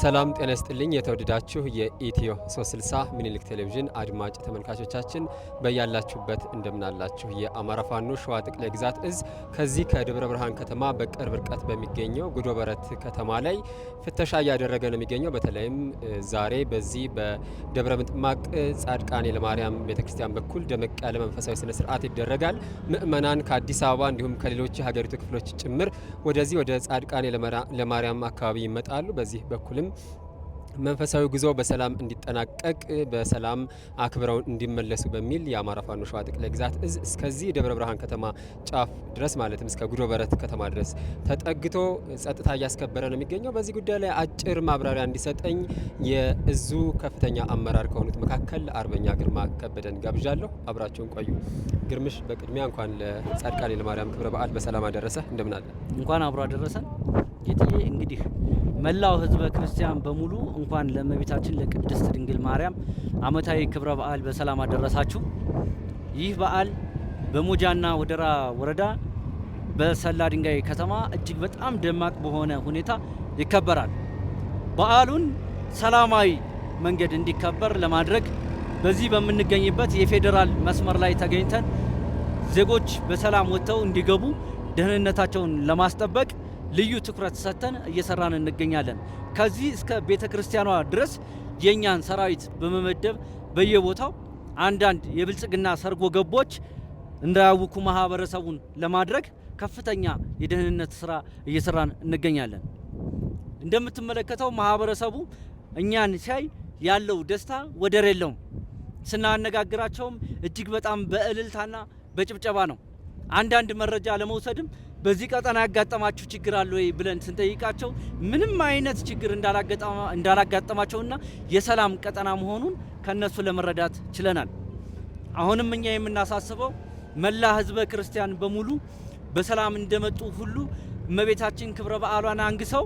ሰላም ጤና ይስጥልኝ። የተወደዳችሁ የኢትዮ 360 ምኒልክ ቴሌቪዥን አድማጭ ተመልካቾቻችን በያላችሁበት እንደምናላችሁ። የአማራ ፋኖ ሸዋ ጠቅላይ ግዛት እዝ ከዚህ ከደብረ ብርሃን ከተማ በቅርብ ርቀት በሚገኘው ጉዶ በረት ከተማ ላይ ፍተሻ እያደረገ ነው የሚገኘው። በተለይም ዛሬ በዚህ በደብረ ምጥማቅ ጻድቃኔ ለማርያም ቤተክርስቲያን በኩል ደመቅ ያለ መንፈሳዊ ስነ ስርዓት ይደረጋል። ምእመናን ከአዲስ አበባ እንዲሁም ከሌሎች የሀገሪቱ ክፍሎች ጭምር ወደዚህ ወደ ጻድቃኔ ለማርያም አካባቢ ይመጣሉ። በዚህ በኩልም መንፈሳዊ ጉዞ በሰላም እንዲጠናቀቅ በሰላም አክብረው እንዲመለሱ በሚል የአማራ ፋኖ ሸዋ ጠቅላይ ግዛት እዝ እስከዚህ ደብረ ብርሃን ከተማ ጫፍ ድረስ ማለትም እስከ ጉዶ በረት ከተማ ድረስ ተጠግቶ ጸጥታ እያስከበረ ነው የሚገኘው። በዚህ ጉዳይ ላይ አጭር ማብራሪያ እንዲሰጠኝ የእዙ ከፍተኛ አመራር ከሆኑት መካከል አርበኛ ግርማ ከበደን ጋብዣለሁ። አብራቸውን ቆዩ። ግርምሽ፣ በቅድሚያ እንኳን ለጻድቃኔ ለማርያም ክብረ በዓል በሰላም አደረሰ። እንደምን አለ? እንኳን አብሮ አደረሰ። ጌትዬ እንግዲህ መላው ህዝበ ክርስቲያን በሙሉ እንኳን ለእመቤታችን ለቅድስት ድንግል ማርያም አመታዊ ክብረ በዓል በሰላም አደረሳችሁ። ይህ በዓል በሞጃና ወደራ ወረዳ በሰላ ድንጋይ ከተማ እጅግ በጣም ደማቅ በሆነ ሁኔታ ይከበራል። በዓሉን ሰላማዊ መንገድ እንዲከበር ለማድረግ በዚህ በምንገኝበት የፌዴራል መስመር ላይ ተገኝተን ዜጎች በሰላም ወጥተው እንዲገቡ ደህንነታቸውን ለማስጠበቅ ልዩ ትኩረት ሰጥተን እየሰራን እንገኛለን። ከዚህ እስከ ቤተ ክርስቲያኗ ድረስ የእኛን ሰራዊት በመመደብ በየቦታው አንዳንድ የብልጽግና ሰርጎ ገቦች እንዳያውኩ ማህበረሰቡን ለማድረግ ከፍተኛ የደህንነት ስራ እየሰራን እንገኛለን። እንደምትመለከተው ማህበረሰቡ እኛን ሲያይ ያለው ደስታ ወደር የለውም። ስናነጋግራቸውም እጅግ በጣም በእልልታና በጭብጨባ ነው። አንዳንድ መረጃ ለመውሰድም በዚህ ቀጠና ያጋጠማችሁ ችግር አለ ወይ ብለን ስንጠይቃቸው ምንም አይነት ችግር እንዳላጋጠማቸውና የሰላም ቀጠና መሆኑን ከነሱ ለመረዳት ችለናል። አሁንም እኛ የምናሳስበው መላ ህዝበ ክርስቲያን በሙሉ በሰላም እንደመጡ ሁሉ እመቤታችን ክብረ በዓሏን አንግሰው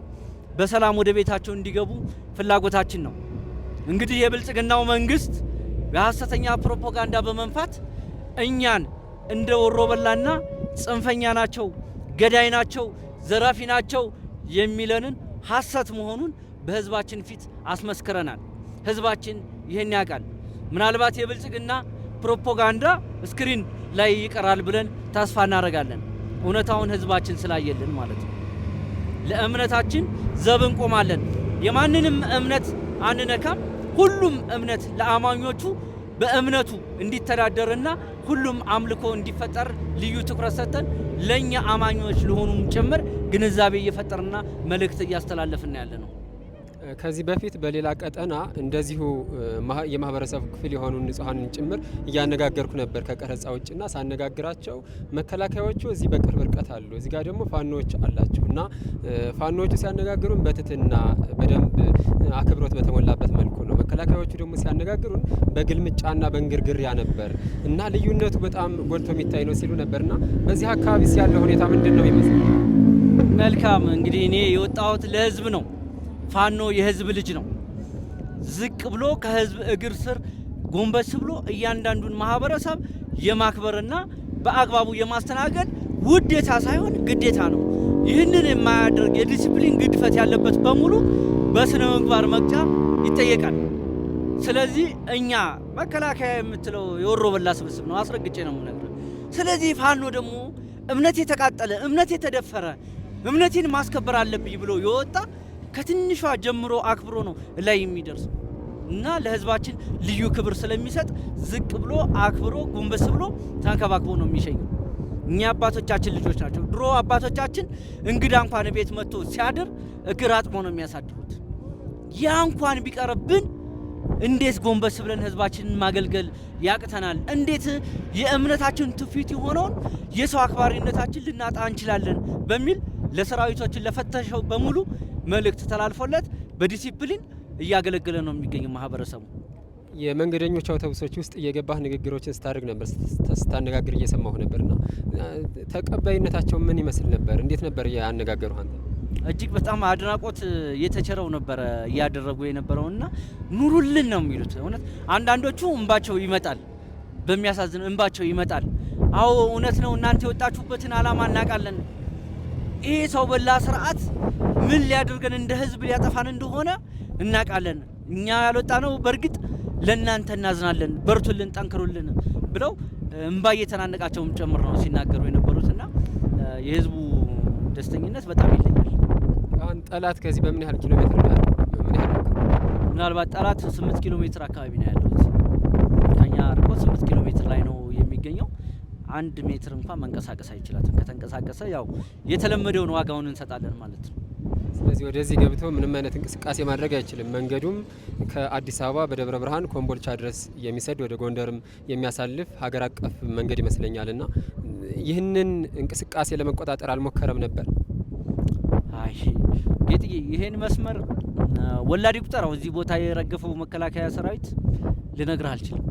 በሰላም ወደ ቤታቸው እንዲገቡ ፍላጎታችን ነው። እንግዲህ የብልጽግናው መንግስት የሐሰተኛ ፕሮፓጋንዳ በመንፋት እኛን እንደ ወሮበላና ጽንፈኛ ናቸው ገዳይ ናቸው፣ ዘራፊ ናቸው የሚለንን ሐሰት መሆኑን በህዝባችን ፊት አስመስክረናል። ህዝባችን ይህን ያውቃል። ምናልባት የብልጽግና ፕሮፓጋንዳ ስክሪን ላይ ይቀራል ብለን ተስፋ እናደርጋለን። እውነታውን ህዝባችን ስላየልን ማለት ነው። ለእምነታችን ዘብ እንቆማለን። የማንንም እምነት አንነካም። ሁሉም እምነት ለአማኞቹ በእምነቱ እንዲተዳደርና ሁሉም አምልኮ እንዲፈጠር ልዩ ትኩረት ሰጥተን ለእኛ አማኞች ለሆኑም ጭምር ግንዛቤ እየፈጠርና መልእክት እያስተላለፍና ያለ ነው። ከዚህ በፊት በሌላ ቀጠና እንደዚሁ የማህበረሰብ ክፍል የሆኑ ንጹሐንን ጭምር እያነጋገርኩ ነበር ከቀረጻ ውጭና ሳነጋግራቸው መከላከያዎቹ እዚህ በቅርብ ርቀት አሉ፣ እዚህ ጋር ደግሞ ፋኖዎች አላቸው እና ፋኖዎቹ ሲያነጋግሩን በትትና በደንብ አክብሮት በተሞላበት መልኩ ነው። መከላከያዎቹ ደግሞ ሲያነጋግሩን በግልምጫና በእንግርግሪያ ነበር እና ልዩነቱ በጣም ጎልቶ የሚታይ ነው ሲሉ ነበርና በዚህ አካባቢ ያለው ሁኔታ ምንድን ነው ይመስል? መልካም እንግዲህ እኔ የወጣሁት ለህዝብ ነው ፋኖ የህዝብ ልጅ ነው። ዝቅ ብሎ ከህዝብ እግር ስር ጎንበስ ብሎ እያንዳንዱን ማህበረሰብ የማክበርና በአግባቡ የማስተናገድ ውዴታ ሳይሆን ግዴታ ነው። ይህንን የማያደርግ የዲሲፕሊን ግድፈት ያለበት በሙሉ በስነ ምግባር መቅጫ ይጠየቃል። ስለዚህ እኛ መከላከያ የምትለው የወሮ በላ ስብስብ ነው፣ አስረግጬ ነው ነገር። ስለዚህ ፋኖ ደግሞ እምነት የተቃጠለ እምነት የተደፈረ እምነቴን ማስከበር አለብኝ ብሎ የወጣ ከትንሿ ጀምሮ አክብሮ ነው ላይ የሚደርስ እና ለህዝባችን ልዩ ክብር ስለሚሰጥ ዝቅ ብሎ አክብሮ ጎንበስ ብሎ ተንከባክቦ ነው የሚሸኝ። እኛ አባቶቻችን ልጆች ናቸው። ድሮ አባቶቻችን እንግዳ እንኳን ቤት መጥቶ ሲያድር እግር አጥቦ ነው የሚያሳድሩት። ያ እንኳን ቢቀርብን እንዴት ጎንበስ ብለን ህዝባችንን ማገልገል ያቅተናል? እንዴት የእምነታችን ትውፊት የሆነውን የሰው አክባሪነታችን ልናጣ እንችላለን? በሚል ለሰራዊቶችን ለፈተሸው በሙሉ መልእክት ተላልፎለት በዲሲፕሊን እያገለገለ ነው የሚገኘው ማህበረሰቡ። የመንገደኞች አውቶቡሶች ውስጥ እየገባህ ንግግሮችን ስታደርግ ነበር ስታነጋግር እየሰማሁ ነበርና ተቀባይነታቸው ምን ይመስል ነበር? እንዴት ነበር ያነጋገሩ አንተ? እጅግ በጣም አድናቆት የተቸረው ነበረ እያደረጉ የነበረውና ኑሩልን ነው የሚሉት። እውነት አንዳንዶቹ እንባቸው ይመጣል፣ በሚያሳዝን እንባቸው ይመጣል። አዎ እውነት ነው። እናንተ የወጣችሁበትን ዓላማ እናውቃለን። ይህ ሰው በላ ስርዓት ምን ሊያደርገን እንደ ህዝብ ሊያጠፋን እንደሆነ እናውቃለን። እኛ ያልወጣ ነው። በእርግጥ ለእናንተ እናዝናለን፣ በርቱልን፣ ጠንክሩልን ብለው እምባ እየተናነቃቸውም ጨምር ነው ሲናገሩ የነበሩትና የህዝቡ ደስተኝነት በጣም ይለኛል። አሁን ጠላት ከዚህ በምን ያህል ኪሎ ሜትር ይላል? ምናልባት ጠላት ስምንት ኪሎ ሜትር አካባቢ ነው ያለሁት ከኛ ርቆ ስምንት ኪሎ ሜትር ላይ ነው የሚገኘው። አንድ ሜትር እንኳን መንቀሳቀስ አይችላትም። ከተንቀሳቀሰ ያው የተለመደውን ዋጋውን እንሰጣለን ማለት ነው። ስለዚህ ወደዚህ ገብቶ ምንም አይነት እንቅስቃሴ ማድረግ አይችልም። መንገዱም ከአዲስ አበባ በደብረ ብርሃን ኮምቦልቻ ድረስ የሚሰድ ወደ ጎንደርም የሚያሳልፍ ሀገር አቀፍ መንገድ ይመስለኛል እና ይህንን እንቅስቃሴ ለመቆጣጠር አልሞከረም ነበር። አይ ጌጥዬ፣ ይህን መስመር ወላዲ ቁጠራው እዚህ ቦታ የረገፈው መከላከያ ሰራዊት ልነግርህ አልችልም።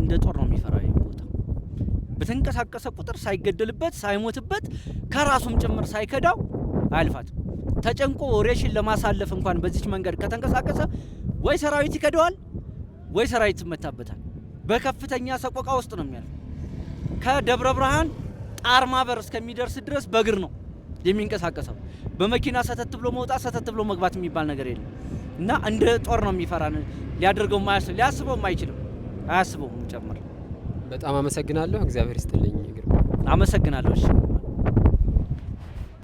እንደ ጦር ነው የሚፈራ በተንቀሳቀሰ ቁጥር ሳይገደልበት ሳይሞትበት ከራሱም ጭምር ሳይከዳው አያልፋትም። ተጨንቆ ኦሬሽን ለማሳለፍ እንኳን በዚች መንገድ ከተንቀሳቀሰ ወይ ሰራዊት ይከደዋል፣ ወይ ሰራዊት ይመታበታል። በከፍተኛ ሰቆቃ ውስጥ ነው የሚያልፍ። ከደብረ ብርሃን ጣር ማበር እስከሚደርስ ድረስ በእግር ነው የሚንቀሳቀሰው። በመኪና ሰተት ብሎ መውጣት፣ ሰተት ብሎ መግባት የሚባል ነገር የለም እና እንደ ጦር ነው የሚፈራን። ሊያደርገው ሊያስበውም አይችልም፣ አያስበውም ጨምር በጣም አመሰግናለሁ። እግዚአብሔር ይስጥልኝ። አመሰግናለሁ። እሺ